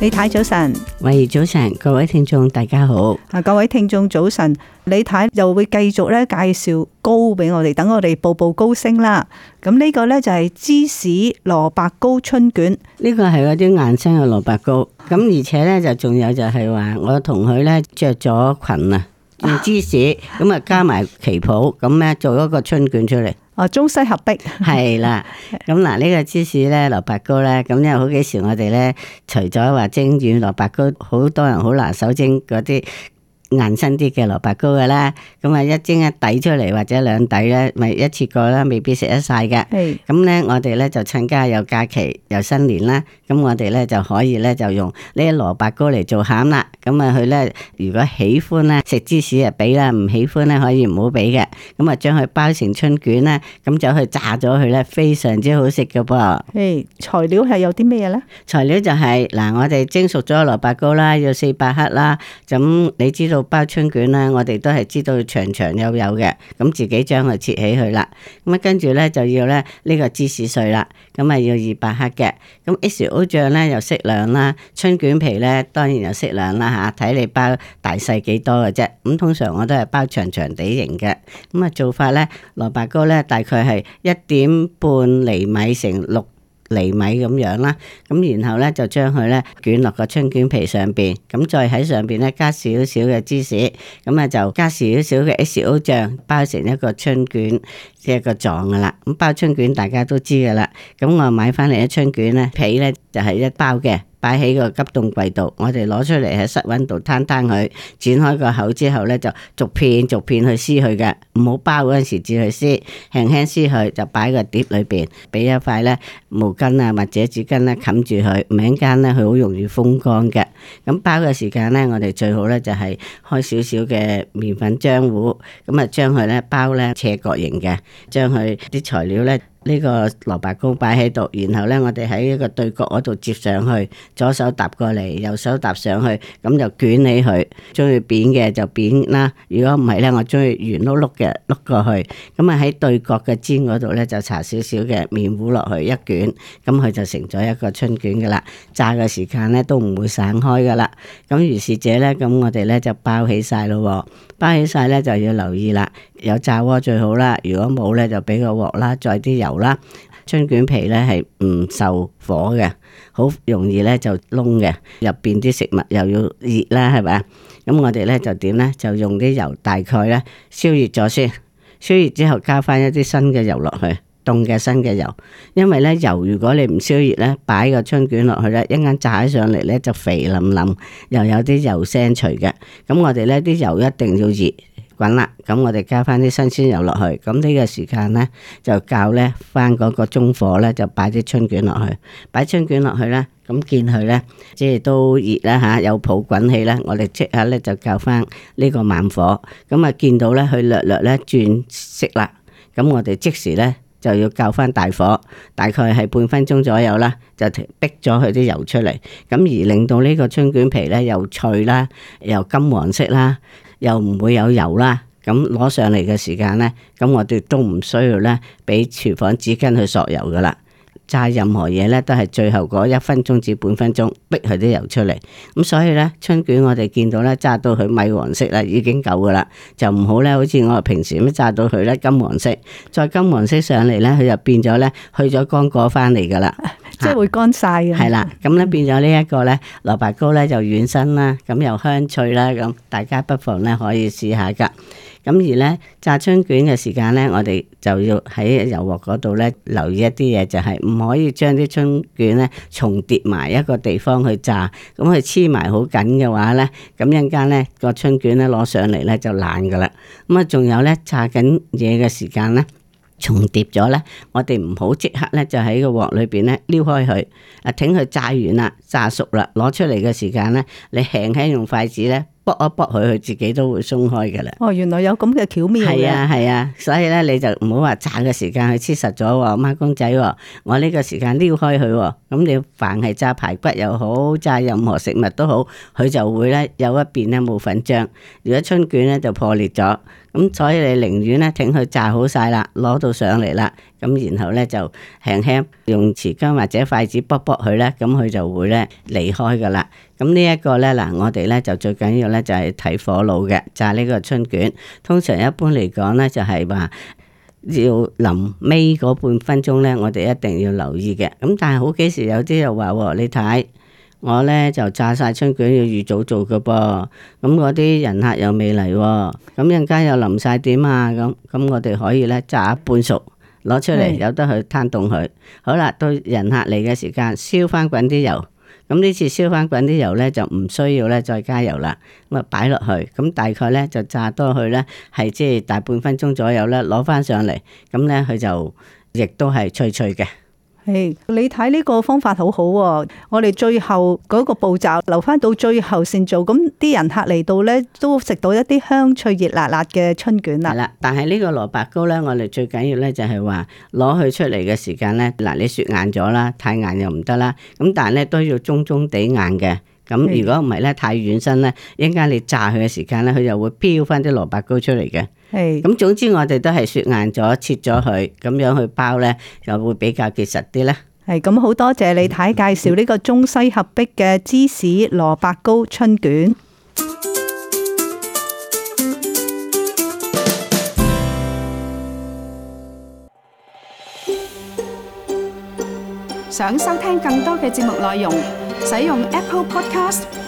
李太早晨，慧怡早晨，各位聽眾大家好。各位聽眾早晨，李太又會繼續介紹糕俾我哋，等我哋步步高升啦。咁呢個呢就係芝士蘿蔔糕春卷，呢個係嗰啲硬身嘅蘿蔔糕。咁而且呢就仲有就係話，我同佢呢着咗裙啊。用芝士，咁啊加埋旗袍，咁咧做一個春卷出嚟。哦，中西合璧。係 啦，咁嗱，呢個芝士咧，蘿蔔糕咧，咁因為好幾時我哋咧，除咗話蒸軟蘿蔔糕，好多人好難手蒸嗰啲。硬身啲嘅蘿蔔糕嘅啦，咁啊一蒸一底出嚟，或者兩底咧，咪一次過啦，未必食得晒嘅。咁咧，我哋咧就趁家有假期又新年啦，咁我哋咧就可以咧就用呢啲蘿蔔糕嚟做餡啦。咁啊，佢咧如果喜歡咧食芝士啊俾啦，唔喜歡咧可以唔好俾嘅。咁啊，將佢包成春卷啦，咁就去炸咗佢咧，非常之好食嘅噃。誒，hey, 材料係有啲咩嘢咧？材料就係嗱，我哋蒸熟咗蘿蔔糕啦，要四百克啦。咁你知道？包春卷咧，我哋都係知道長長有有嘅，咁自己將佢切起去啦。咁啊，跟住咧就要咧呢個芝士碎啦，咁啊要二百克嘅。咁 XO 醬咧又適量啦，春卷皮咧當然又適量啦吓，睇你包大細幾多嘅啫。咁通常我都係包長長哋型嘅。咁啊做法咧，蘿蔔糕咧大概係一點半厘米乘六。厘米咁樣啦，咁然後咧就將佢咧捲落個春卷皮上邊，咁再喺上邊咧加少少嘅芝士，咁啊就加少少嘅 XO 醬，包成一個春卷即係一個狀噶啦，咁包春卷大家都知噶啦，咁我買翻嚟嘅春卷咧皮咧就係一包嘅。擺喺個急凍櫃度，我哋攞出嚟喺室溫度攤攤佢，剪開個口之後呢，就逐片逐片去撕佢嘅，唔好包嗰陣時至去撕，輕輕撕佢就擺個碟裏邊，俾一塊呢毛巾啊或者紙巾呢冚住佢，唔一間呢，佢好容易風乾嘅。咁包嘅時間呢，我哋最好呢就係開少少嘅麵粉漿糊，咁啊將佢呢包呢斜角形嘅，將佢啲材料呢。呢個蘿蔔糕擺喺度，然後呢，我哋喺一個對角嗰度接上去，左手搭過嚟，右手搭上去，咁就捲起佢。中意扁嘅就扁啦，如果唔係呢，我中意圓碌碌嘅碌過去。咁啊喺對角嘅尖嗰度呢，就搽少少嘅麵糊落去一卷，咁佢就成咗一個春卷噶啦。炸嘅時間呢都唔會散開噶啦。咁如是者呢，咁我哋呢就包起晒咯。包起晒呢，就要留意啦。有炸鍋最好啦，如果冇呢，就俾個鑊啦，再啲油啦。春卷皮呢係唔受火嘅，好容易呢就燶嘅。入邊啲食物又要熱啦，係咪？咁我哋呢就點呢？就用啲油大概呢燒熱咗先，燒熱之後加翻一啲新嘅油落去，凍嘅新嘅油。因為呢油如果你唔燒熱呢，擺個春卷落去呢，一陣炸起上嚟呢，就肥淋淋，又有啲油腥除嘅。咁我哋呢啲油一定要熱。滾啦，咁我哋加翻啲新鮮油落去，咁呢個時間呢就較呢翻嗰個中火呢，就擺啲春卷落去，擺春卷落去呢，咁見佢呢即係都熱啦吓，有泡滾氣啦，我哋即刻呢就較翻呢個慢火，咁啊見到呢佢略略呢轉色啦，咁我哋即時呢就要較翻大火，大概係半分鐘左右啦，就逼咗佢啲油出嚟，咁而令到呢個春卷皮呢又脆啦，又金黃色啦。又唔會有油啦，咁攞上嚟嘅時間呢，咁我哋都唔需要呢畀廚房紙巾去索油㗎喇。炸任何嘢咧，都係最後嗰一分鐘至半分鐘，逼佢啲油出嚟。咁所以咧，春捲我哋見到咧，炸到佢米黃色啦，已經夠噶啦，就唔好咧，好似我平時咁炸到佢咧金黃色，再金黃色上嚟咧，佢就變咗咧，去咗乾果翻嚟噶啦，啊、即係會乾晒嘅。係啦，咁咧變咗呢一個咧，蘿蔔糕咧就軟身啦，咁又香脆啦，咁大家不妨咧可以試下噶。咁而咧炸春卷嘅時間咧，我哋就要喺油鑊嗰度咧留意一啲嘢，就係、是、唔可以將啲春卷咧重疊埋一個地方去炸。咁佢黐埋好緊嘅話咧，咁一陣間咧個春卷咧攞上嚟咧就爛噶啦。咁啊，仲有咧炸緊嘢嘅時間咧重疊咗咧，我哋唔好即刻咧就喺個鑊裏邊咧撩開佢啊，等佢炸完啦、炸熟啦，攞出嚟嘅時間咧，你輕輕用筷子咧。卜一卜佢，佢自己都會鬆開嘅啦。哦，原來有咁嘅巧妙、啊，嘅。係啊係啊，所以咧你就唔好話炸嘅時間，去黐實咗喎，孖公仔喎，我呢個時間撩開佢喎，咁你凡係炸排骨又好，炸任何食物都好，佢就會咧有一邊咧冇粉漿，如果春卷咧就破裂咗。咁、嗯、所以你寧願咧，請佢炸好晒啦，攞到上嚟啦，咁、嗯、然後咧就輕輕用匙羹或者筷子卜卜佢咧，咁、嗯、佢就會咧離開噶啦。咁、嗯這個、呢一個咧嗱，我哋咧就最緊要咧就係睇火爐嘅炸呢個春卷。通常一般嚟講咧，就係、是、話要臨尾嗰半分鐘咧，我哋一定要留意嘅。咁、嗯、但係好幾時有啲又話你睇。我呢就炸晒春捲要預早做㗎噃，咁嗰啲人客又未嚟，咁陣間又淋晒點啊？咁咁我哋可以呢炸一半熟，攞出嚟由、嗯、得佢攤凍佢。好啦，到人客嚟嘅時間，燒翻滾啲油，咁呢次燒翻滾啲油呢，就唔需要呢再加油啦，咁啊擺落去，咁大概呢就炸多佢呢，係即係大半分鐘左右呢攞翻上嚟，咁呢，佢就亦都係脆脆嘅。Hey，你睇呢個方法好好喎！我哋最後嗰個步驟留翻到最後先做，咁啲人客嚟到呢，都食到一啲香脆熱辣辣嘅春卷啦。係啦，但係呢個蘿蔔糕呢，我哋最緊要呢就係話攞佢出嚟嘅時間呢。嗱，你雪硬咗啦，太硬又唔得啦。咁但係呢，都要中中地硬嘅。咁如果唔係呢，太軟身呢，一陣間你炸佢嘅時間呢，佢就會飄翻啲蘿蔔糕出嚟嘅。係，咁總之我哋都係雪硬咗切咗佢，咁樣去包呢，就會比較結實啲呢。係，咁好多謝李太介紹呢個中西合璧嘅芝士蘿蔔糕春卷。想收聽更多嘅節目內容，使用 Apple Podcast。